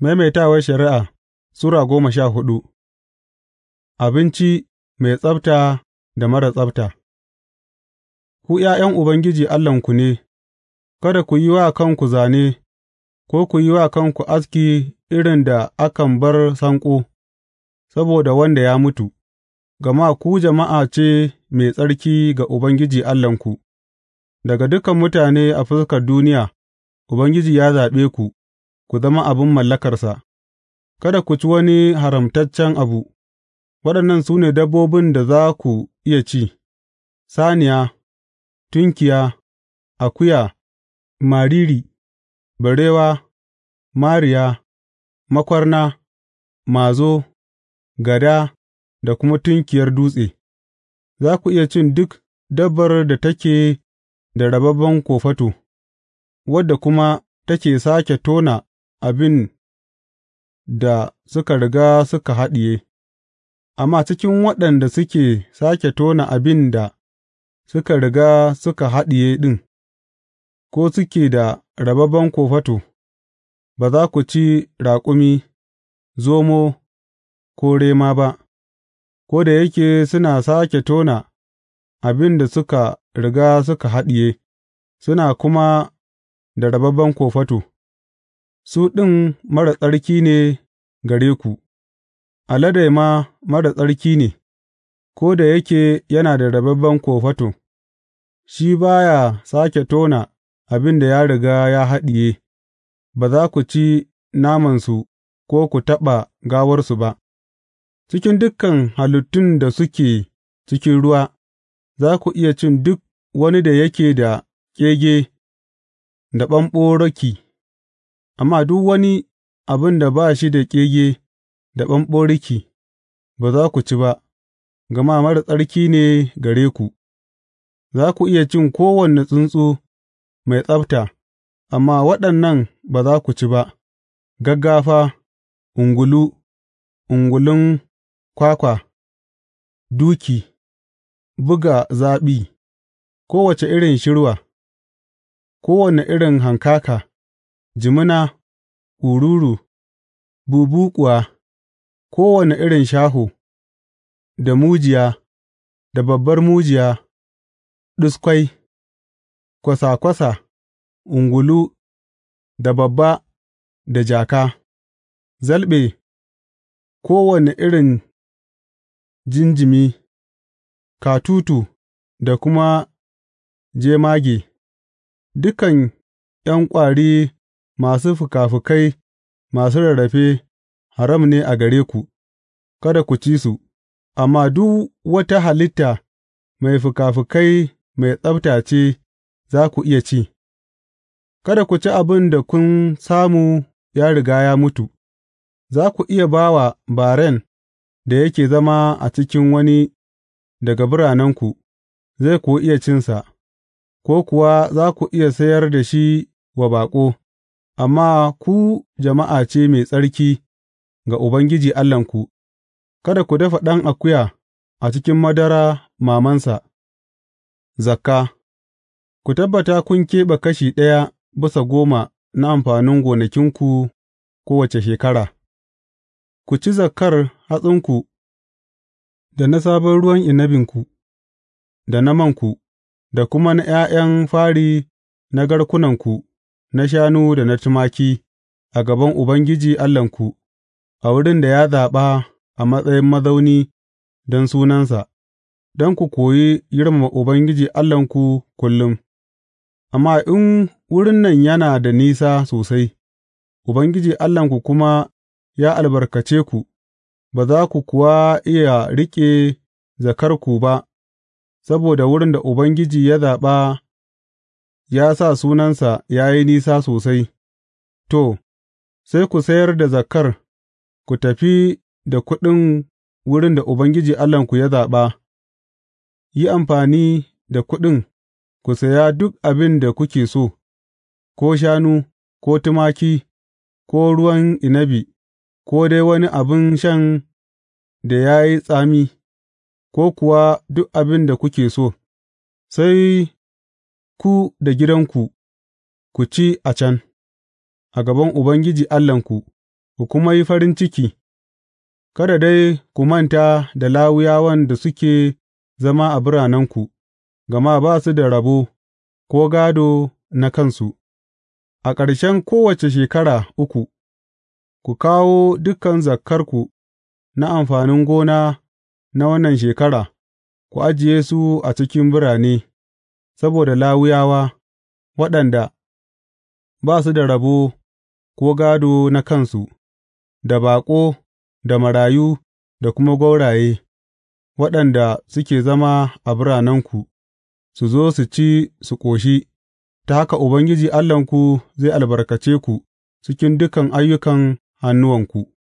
Maimaitawar Shari'a Sura goma sha hudu Abinci mai tsabta da marar tsabta Ku ’ya'yan Ubangiji Allahnku ne, kada ku yi wa kanku zane ko ku yi wa kanku aski irin da akan bar sanƙo saboda wanda ya mutu, gama ku jama'a ce mai tsarki ga Ubangiji Allahnku; daga dukan mutane a fuskar duniya Ubangiji ya zaɓe ku. ku zama abin mallakarsa, kada ku ci wani haramtaccen abu, waɗannan su ne dabbobin da za ku iya ci, saniya, tunkiya, akuya, mariri, barewa, mariya, makwarna, mazo, gada da kuma tunkiyar dutse, za ku iya cin duk dabbar da take da rababben kofato, wadda kuma take sake tona abin da suka riga suka haɗiye, amma cikin waɗanda suke sake tona abin da suka riga suka haɗiye ɗin, ko suke da rababben kofato, ba za ku ci raƙumi, zomo, ko rema ba, ko da yake suna sake tona abin da suka riga suka haɗiye, suna kuma da rababben kofato. su ɗin marar tsarki ne gare ku, alade ma marar tsarki ne, ko da yake yana da rababben kofato, shi ba ya sake tona abin da ya riga ya haɗiye, ba za ku ci namansu ko ku taɓa gawarsu ba, cikin dukan halittun da suke cikin ruwa, za ku iya cin duk wani da yake da ƙege da ɓamɓaroki. Amma duk wani abin da ba shi da ƙege da ɓamɓaroki, ba za ku ci ba, gama marar tsarki ne gare ku; za ku iya cin kowane tsuntsu mai tsabta, amma waɗannan ba za ku ci ba, gaggafa, ungulu, ungulun kwakwa, duki, buga zaɓi, kowace irin shirwa, kowane irin hankaka. jimina, kururu, bubuƙuwa, kowane irin shahu, da mujiya, da babbar mujiya, ɗuskwai, kwasa kwasa, ungulu, da babba, da jaka, zalɓe, kowane irin jinjimi, katutu, da kuma jemage, dukan ’yan ƙwari. masu fikafikai masu rarrafe haram ne a gare ku, kada ku ci su, amma duk wata halitta mai fikafikai mai tsabta ce za ku iya ci, kada ku ci abin da kun samu ya riga ya mutu, za ku iya ba wa baren da yake zama a cikin wani daga biranenku, zai ku iya cinsa, ko kuwa za ku iya sayar da shi wa baƙo. Amma ku jama'a ce mai tsarki ga Ubangiji Allahnku; kada ku dafa ɗan akuya a cikin madara mamansa Zakka Ku tabbata kun keɓe kashi ɗaya bisa goma na amfanin gonakinku kowace shekara, ku ci zakkar hatsinku, da na sabon ruwan inabinku, da na manku, da kuma na ’ya'yan fari na garkunanku. na shanu da na tumaki a gaban Ubangiji Allahnku, a wurin da ya zaɓa a matsayin mazauni don Sunansa, don ku koyi girmama Ubangiji Allahnku kullum. Amma in wurin nan yana da nisa sosai, Ubangiji Allahnku kuma ya albarkace ku, ba za ku kuwa iya riƙe zakarku ba saboda wurin da Ubangiji ya zaɓa. ya sa sunansa ya yi nisa sosai, to, sai ku sayar da zakar ku tafi da kuɗin wurin da Ubangiji Allahnku ya zaɓa, yi amfani da kuɗin ku saya duk abin da kuke so, ko shanu, ko tumaki, ko ruwan inabi, ko dai wani abin shan da ya yi tsami, ko kuwa duk abin da kuke so, sai ku da gidanku ku ci a can, a gaban Ubangiji Allahnku, ku kuma yi farin ciki, kada dai ku manta da lawuyawan da suke zama a biranenku, gama ba su da rabo ko gado na kansu. A ƙarshen kowace shekara uku, ku kawo dukan zakkarku na amfanin gona na wannan shekara, ku ajiye su a cikin birane. saboda Lawiyawa waɗanda ba su da rabo ko gādo na kansu, da baƙo, da marayu, da kuma gwauraye, waɗanda suke zama a biranenku, su zo su ci su ƙoshi, ta haka Ubangiji Allahnku zai albarkace ku cikin dukan ayyukan hannuwanku.